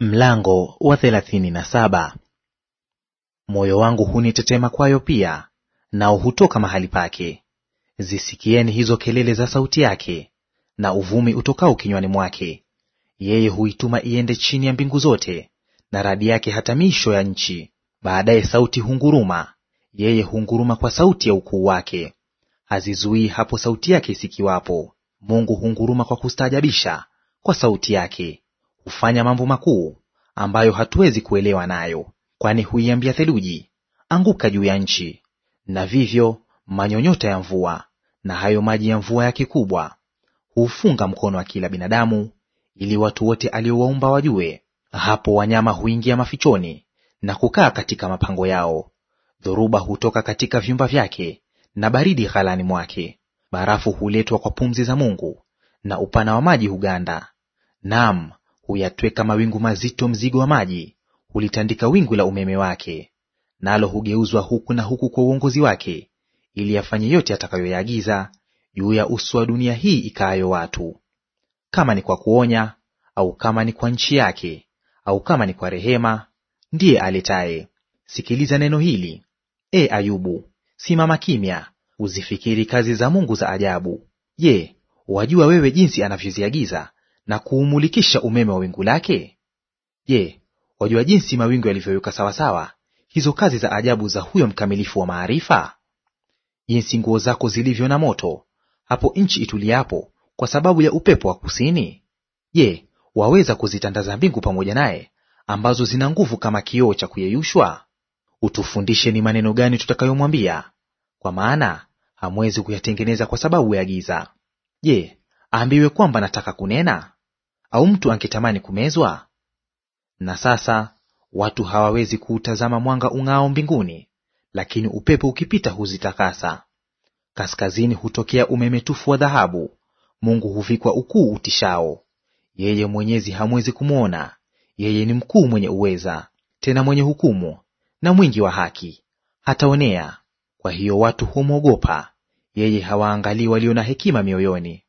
Mlango wa thelathini na saba. Moyo wangu hunitetema kwayo pia, nao hutoka mahali pake. Zisikieni hizo kelele za sauti yake, na uvumi utokao kinywani mwake. Yeye huituma iende chini ya mbingu zote, na radi yake hata miisho ya nchi. Baadaye sauti hunguruma, yeye hunguruma kwa sauti ya ukuu wake. Hazizuii hapo sauti yake isikiwapo. Mungu hunguruma kwa kustaajabisha kwa sauti yake hufanya mambo makuu ambayo hatuwezi kuelewa nayo, kwani huiambia theluji, anguka juu ya nchi, na vivyo manyonyota ya mvua, na hayo maji ya mvua ya kikubwa. Huufunga mkono wa kila binadamu, ili watu wote aliowaumba wajue. Hapo wanyama huingia mafichoni na kukaa katika mapango yao. Dhoruba hutoka katika vyumba vyake, na baridi ghalani mwake. Barafu huletwa kwa pumzi za Mungu, na upana wa maji huganda. Naam, Huyatweka mawingu mazito mzigo wa maji, hulitandika wingu la umeme wake. Nalo na hugeuzwa huku na huku kwa uongozi wake, ili afanye yote atakayoyaagiza juu ya uso wa dunia hii ikaayo watu. Kama ni kwa kuonya au kama ni kwa nchi yake au kama ni kwa rehema, ndiye aletaye. Sikiliza neno hili, e Ayubu, simama kimya, uzifikiri kazi za Mungu za ajabu. Je, wajua wewe jinsi anavyoziagiza na kuumulikisha umeme wa wingu lake? Je, wajua jinsi mawingu yalivyoyuka sawasawa hizo kazi za ajabu za huyo mkamilifu wa maarifa? Jinsi nguo zako zilivyo na moto hapo nchi ituliapo kwa sababu ya upepo wa kusini! Je, waweza kuzitandaza mbingu pamoja naye, ambazo zina nguvu kama kioo cha kuyeyushwa? Utufundishe ni maneno gani tutakayomwambia, kwa maana hamwezi kuyatengeneza kwa sababu ya giza. Je, aambiwe kwamba nataka kunena? au mtu angetamani kumezwa? Na sasa watu hawawezi kuutazama mwanga ung'ao mbinguni, lakini upepo ukipita huzitakasa. Kaskazini hutokea umemetufu wa dhahabu, Mungu huvikwa ukuu utishao. Yeye Mwenyezi hamwezi kumwona, yeye ni mkuu mwenye uweza, tena mwenye hukumu na mwingi wa haki, hataonea. Kwa hiyo watu humwogopa yeye, hawaangalii walio na hekima mioyoni.